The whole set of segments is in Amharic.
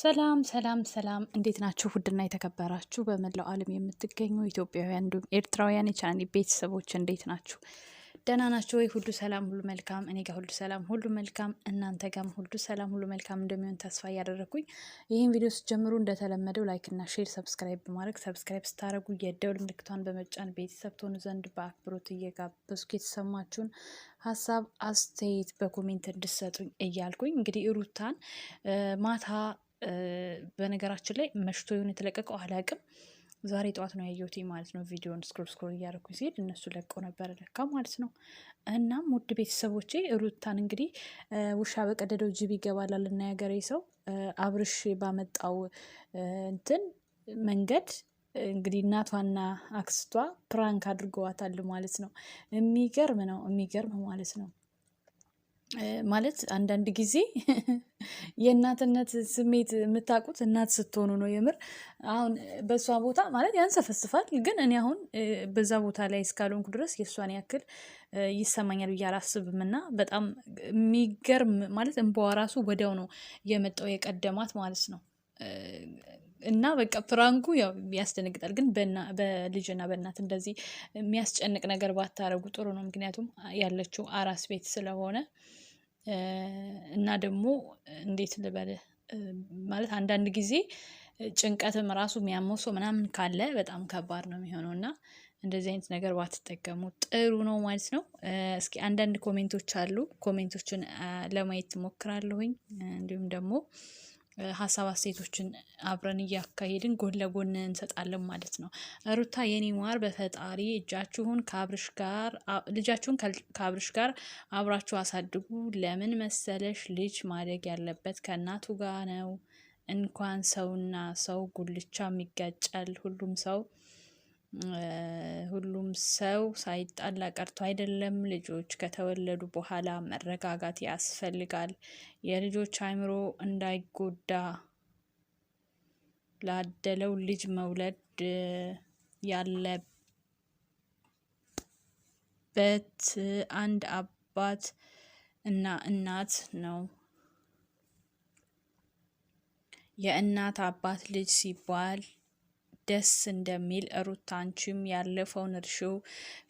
ሰላም ሰላም ሰላም፣ እንዴት ናችሁ? ውድና የተከበራችሁ በመላው ዓለም የምትገኙ ኢትዮጵያውያን እንዲሁም ኤርትራውያን የቻናሌ ቤተሰቦች እንዴት ናችሁ? ደህና ናቸው ወይ? ሁሉ ሰላም፣ ሁሉ መልካም። እኔ ጋር ሁሉ ሰላም፣ ሁሉ መልካም። እናንተ ጋም ሁሉ ሰላም፣ ሁሉ መልካም እንደሚሆን ተስፋ እያደረግኩኝ ይህን ቪዲዮ ስትጀምሩ እንደተለመደው ላይክና ሼር፣ ሰብስክራይብ በማድረግ ሰብስክራይብ ስታደረጉ የደውል ምልክቷን በመጫን ቤተሰብ ትሆኑ ዘንድ በአክብሮት እየጋበዝኩ የተሰማችሁን ሀሳብ አስተያየት በኮሜንት እንድሰጡኝ እያልኩኝ እንግዲህ ሩታን ማታ በነገራችን ላይ መሽቶ የሆነ የተለቀቀው አላቅም። ዛሬ ጠዋት ነው ያየሁት ማለት ነው። ቪዲዮን ስክሮል ስክሮል እያደረኩኝ ሲሄድ እነሱ ለቀው ነበረ ለካ ማለት ነው። እናም ውድ ቤተሰቦቼ ሩታን እንግዲህ ውሻ በቀደደው ጅብ ይገባላል እና ያገሬ ሰው አብርሽ ባመጣው እንትን መንገድ እንግዲህ እናቷና አክስቷ ፕራንክ አድርገዋታል ማለት ነው። የሚገርም ነው፣ የሚገርም ማለት ነው። ማለት አንዳንድ ጊዜ የእናትነት ስሜት የምታውቁት እናት ስትሆኑ ነው። የምር አሁን በእሷ ቦታ ማለት ያንሰፈስፋል፣ ግን እኔ አሁን በዛ ቦታ ላይ እስካልሆንኩ ድረስ የእሷን ያክል ይሰማኛል ብዬ አላስብም። እና በጣም የሚገርም ማለት እንበዋ ራሱ ወዲያው ነው የመጣው የቀደማት ማለት ነው። እና በቃ ፍራንኩ ያው ያስደነግጣል፣ ግን በልጅና በእናት እንደዚህ የሚያስጨንቅ ነገር ባታረጉ ጥሩ ነው። ምክንያቱም ያለችው አራስ ቤት ስለሆነ እና ደግሞ እንዴት ልበል ማለት አንዳንድ ጊዜ ጭንቀትም ራሱ የሚያመው ሰው ምናምን ካለ በጣም ከባድ ነው የሚሆነው እና እንደዚህ አይነት ነገር ባትጠቀሙ ጥሩ ነው ማለት ነው። እስኪ አንዳንድ ኮሜንቶች አሉ ኮሜንቶችን ለማየት ትሞክራለሁኝ እንዲሁም ደግሞ ሀሳብ አስተያየቶችን አብረን እያካሄድን ጎን ለጎን እንሰጣለን ማለት ነው። ሩታ የኔ ማር በፈጣሪ እጃችሁን ከአብርሽ ጋር ልጃችሁን ከአብርሽ ጋር አብራችሁ አሳድጉ። ለምን መሰለሽ ልጅ ማደግ ያለበት ከእናቱ ጋር ነው። እንኳን ሰውና ሰው ጉልቻም ይጋጫል። ሁሉም ሰው ሁሉም ሰው ሳይጣላ ቀርቶ አይደለም። ልጆች ከተወለዱ በኋላ መረጋጋት ያስፈልጋል። የልጆች አእምሮ እንዳይጎዳ ላደለው ልጅ መውለድ ያለበት አንድ አባት እና እናት ነው። የእናት አባት ልጅ ሲባል ደስ እንደሚል ሩታ አንቺም ያለፈውን እርሺው።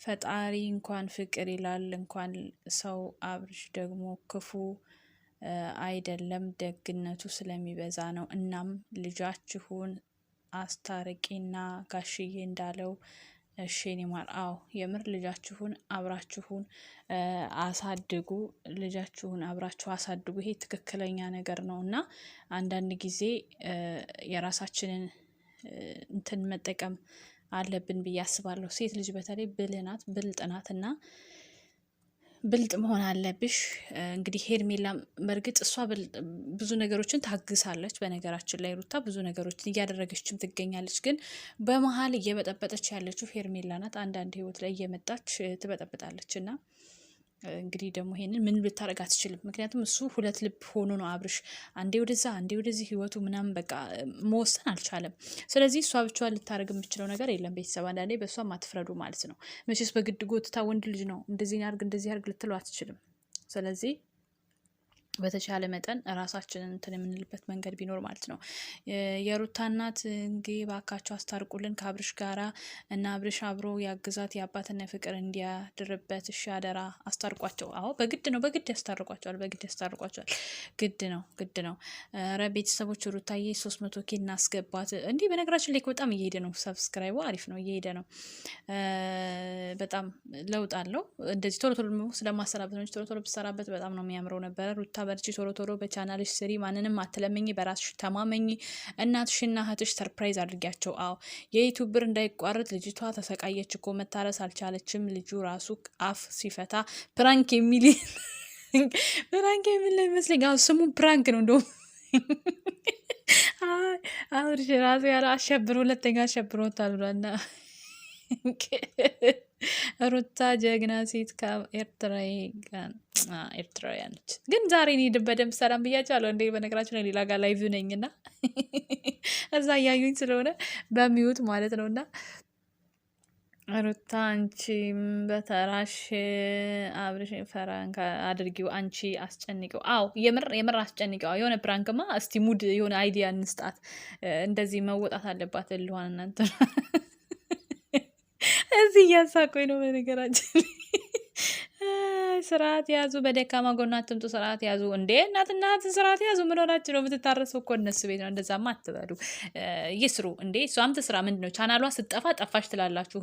ፈጣሪ እንኳን ፍቅር ይላል እንኳን ሰው። አብርሽ ደግሞ ክፉ አይደለም፣ ደግነቱ ስለሚበዛ ነው። እናም ልጃችሁን አስታርቂና ጋሽዬ እንዳለው እሺ ኒማር፣ አዎ የምር ልጃችሁን አብራችሁን አሳድጉ። ልጃችሁን አብራችሁ አሳድጉ። ይሄ ትክክለኛ ነገር ነው እና አንዳንድ ጊዜ የራሳችንን እንትን መጠቀም አለብን ብዬ አስባለሁ። ሴት ልጅ በተለይ ብልህ ናት፣ ብልጥ ናት እና ብልጥ መሆን አለብሽ። እንግዲህ ሄርሜላም በእርግጥ እሷ ብዙ ነገሮችን ታግሳለች። በነገራችን ላይ ሩታ ብዙ ነገሮችን እያደረገችም ትገኛለች። ግን በመሀል እየበጠበጠች ያለችው ሄርሜላ ናት። አንዳንድ ህይወት ላይ እየመጣች ትበጠብጣለች እና እንግዲህ ደግሞ ይሄንን ምን ልታደርግ አትችልም። ምክንያቱም እሱ ሁለት ልብ ሆኖ ነው አብርሽ፣ አንዴ ወደዛ አንዴ ወደዚህ ህይወቱ ምናምን በቃ መወሰን አልቻለም። ስለዚህ እሷ ብቻዋን ልታደርግ የምችለው ነገር የለም። ቤተሰብ አንዳንዴ በእሷ አትፍረዱ ማለት ነው። መቼስ በግድ ጎትታ ወንድ ልጅ ነው እንደዚህ አርግ እንደዚህ አርግ ልትለው አትችልም። ስለዚህ በተቻለ መጠን ራሳችንን እንትን የምንልበት መንገድ ቢኖር ማለት ነው። የሩታ እናት እንግዲህ እባካችሁ አስታርቁልን ከአብርሽ ጋራ እና አብርሽ አብሮ ያግዛት የአባትና ፍቅር እንዲያድርበት እሺ፣ አደራ አስታርቋቸው። አዎ በግድ ነው፣ በግድ ያስታርቋቸዋል፣ በግድ ያስታርቋቸዋል። ግድ ነው፣ ግድ ነው። ኧረ ቤተሰቦች ሩታዬ ሶስት መቶ ኬ እናስገባት። እንዲህ በነገራችን ላይ በጣም እየሄደ ነው፣ ሰብስክራይቡ አሪፍ ነው፣ እየሄደ ነው። በጣም ለውጥ አለው። እንደዚህ ቶሎ ቶሎ ስለማሰራበት ነው። ቶሎ ቶሎ ብሰራበት በጣም ነው የሚያምረው ነበረ ሩታ በርቺ፣ ቶሮ ቶሮ በቻናልሽ ስሪ፣ ማንንም አትለመኝ፣ በራስሽ ተማመኝ። እናትሽና እህትሽ ሰርፕራይዝ አድርጊያቸው። አዎ የዩቱብ ብር እንዳይቋረጥ ልጅቷ ተሰቃየች እኮ መታረስ አልቻለችም። ልጁ ራሱ አፍ ሲፈታ ፕራንክ የሚል ፕራንክ የሚል ይመስለኛል። ስሙ ፕራንክ ነው እንደውም አብርሽ ራሱ ያለ አሸብር ሁለተኛ አሸብሮታል ብሏና ሩታ ጀግና ሴት ኤርትራዊ ነች። ግን ዛሬ እኔ በደንብ ሰላም ብያቸዋለሁ። እንደ በነገራችን ላይ ሌላ ጋር ላይቭ ነኝ እና እዛ እያዩኝ ስለሆነ በሚዩት ማለት ነው እና ሩታ አንቺም በተራሽ አብርሽ ፈራንካ አድርጊው፣ አንቺ አስጨንቂው። አዎ የምር የምር አስጨንቂው። የሆነ ፕራንክማ እስቲ ሙድ የሆነ አይዲያ እንስጣት። እንደዚህ መወጣት አለባት ልሆን እናንተ እዚህ እያሳቆኝ ነው። በነገራችን ስርዓት ያዙ፣ በደካማ ጎናት ትምጡ። ስርዓት ያዙ እንዴ እናትና እህትን ስርዓት ያዙ። ምን ሆናችሁ ነው? የምትታረሰው እኮ እነሱ ቤት ነው። እንደዛማ አትበሉ፣ ይስሩ እንዴ። እሷም ትስራ። ምንድን ነው ቻናሏ ስጠፋ ጠፋሽ ትላላችሁ።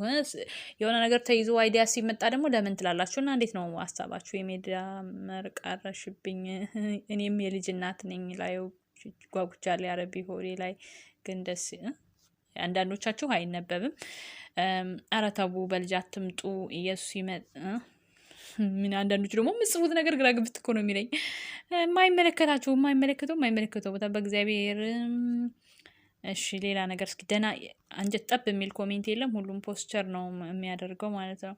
የሆነ ነገር ተይዞ አይዲያ ሲመጣ ደግሞ ለምን ትላላችሁ። እና እንዴት ነው ሀሳባችሁ? የሜዲያ መርቃረሽብኝ። እኔም የልጅ እናት ነኝ። ላይ ጓጉቻ ላይ አረቢ ሆዴ ላይ ግን ደስ አንዳንዶቻችሁ አይነበብም። አረተቡ በልጅ አትምጡ ኢየሱስ ይመጣ ምን አንዳንዶች ደግሞ የምጽፉት ነገር ግራ ግብት እኮ ነው የሚለኝ። የማይመለከታቸው የማይመለከተው የማይመለከተው ቦታ በእግዚአብሔር እሺ። ሌላ ነገር እስኪ ደህና አንጀት ጠብ የሚል ኮሜንት የለም። ሁሉም ፖስቸር ነው የሚያደርገው ማለት ነው።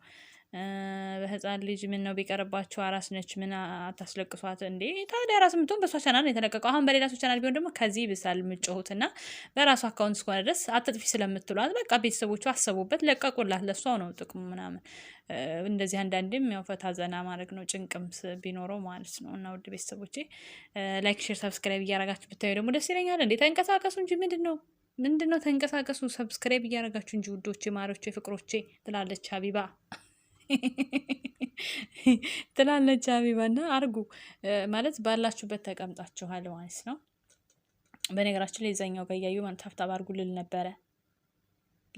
በህፃን ልጅ ምን ነው ቢቀርባቸው አራስ ነች፣ ምን አታስለቅሷት እንዴ? ታዲያ አራስ ምትሆን በሷ ቻናል የተለቀቀው። አሁን በሌላ ሰው ቻናል ቢሆን ደግሞ ከዚህ ብሳል የምጮሁት እና በራሱ አካውንት እስከሆነ ድረስ አትጥፊ ስለምትሏት በቃ ቤተሰቦቹ አሰቡበት፣ ለቀቁላት። ለሷ ነው ጥቅሙ ምናምን። እንደዚህ አንዳንዴም ያው ፈታ ዘና ማድረግ ነው ጭንቅም ቢኖረው ማለት ነው። እና ውድ ቤተሰቦቼ ላይክ፣ ሼር፣ ሰብስክራይብ እያረጋችሁ ብታዩ ደግሞ ደስ ይለኛል። እንዴ ተንቀሳቀሱ እንጂ ምንድን ነው ምንድን ነው ተንቀሳቀሱ፣ ሰብስክራይብ እያረጋችሁ እንጂ ውዶቼ፣ ማሪዎቼ፣ ፍቅሮቼ ትላለች ሀቢባ። ትላለች ሀቢባና አርጉ ማለት ባላችሁበት ተቀምጣችኋል ማለት ነው። በነገራችን ላይ የዛኛው ጋር እያዩ ማለት ታብታብ አርጉ ልል ነበረ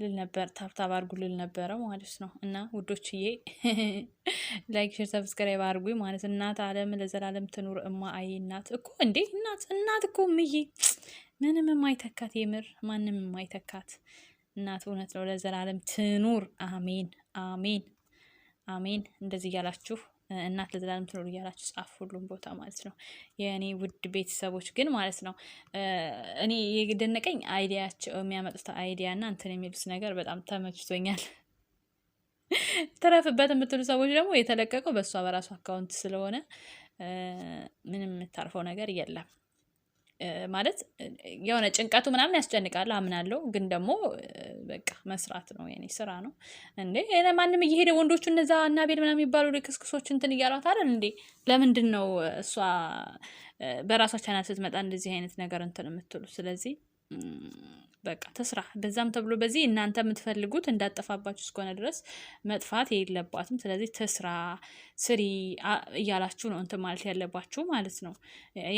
ልል ነበር ታብታብ አርጉ ልል ነበረ ማለት ነው። እና ውዶችዬ ላይክ፣ ሼር፣ ሰብስክራይብ አርጉ ማለት እናት አለም ለዘላለም ትኑር። እማ አይ እናት እኮ እንዴ እናት እናት እኮ ምዬ ምንም የማይተካት የምር ማንም የማይተካት እናት እውነት ነው። ለዘላለም ትኑር። አሜን አሜን። አሜን እንደዚህ እያላችሁ እናት ለዘላለም ትኖሩ እያላችሁ ጻፍ ሁሉም ቦታ ማለት ነው። የእኔ ውድ ቤተሰቦች ግን ማለት ነው እኔ የደነቀኝ አይዲያቸው የሚያመጡት አይዲያ እና እንትን የሚሉት ነገር በጣም ተመችቶኛል። ተረፍበት የምትሉ ሰዎች ደግሞ የተለቀቀው በእሷ በራሱ አካውንት ስለሆነ ምንም የምታርፈው ነገር የለም። ማለት የሆነ ጭንቀቱ ምናምን ያስጨንቃል አምናለሁ። ግን ደግሞ በቃ መስራት ነው የኔ ስራ ነው እንዴ ማንም እየሄደ ወንዶቹ እነዛ እና ቤል ምናምን የሚባሉ ክስክሶች እንትን እያሏት አይደል እንዴ? ለምንድን ነው እሷ በራሷ ቻናል ስትመጣ እንደዚህ አይነት ነገር እንትን የምትሉ? ስለዚህ በቃ ተስራ በዛም ተብሎ በዚህ እናንተ የምትፈልጉት እንዳጠፋባችሁ እስከሆነ ድረስ መጥፋት የለባትም። ስለዚህ ተስራ ስሪ እያላችሁ ነው እንትን ማለት ያለባችሁ ማለት ነው።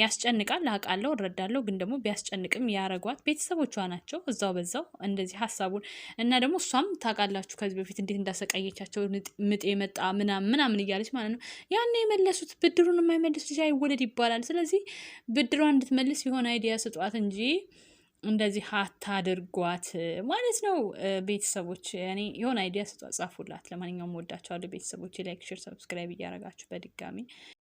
ያስጨንቃል፣ አውቃለሁ፣ እረዳለሁ። ግን ደግሞ ቢያስጨንቅም ያረጓት ቤተሰቦቿ ናቸው። እዛው በዛው እንደዚህ ሀሳቡን እና ደግሞ እሷም ታውቃላችሁ ከዚህ በፊት እንዴት እንዳሰቃየቻቸው ምጥ የመጣ ምናምን ምናምን እያለች ማለት ነው። ያን የመለሱት ብድሩን የማይመልስ ልጅ አይወለድ ይባላል። ስለዚህ ብድሯ እንድትመልስ የሆነ አይዲያ ስጧት እንጂ እንደዚህ አታድርጓት ማለት ነው። ቤተሰቦች እኔ የሆነ አይዲያ ስጧ፣ ጻፉላት። ለማንኛውም ወዳቸዋለሁ ቤተሰቦች። ላይክ፣ ሰብስክራይብ እያደረጋችሁ በድጋሚ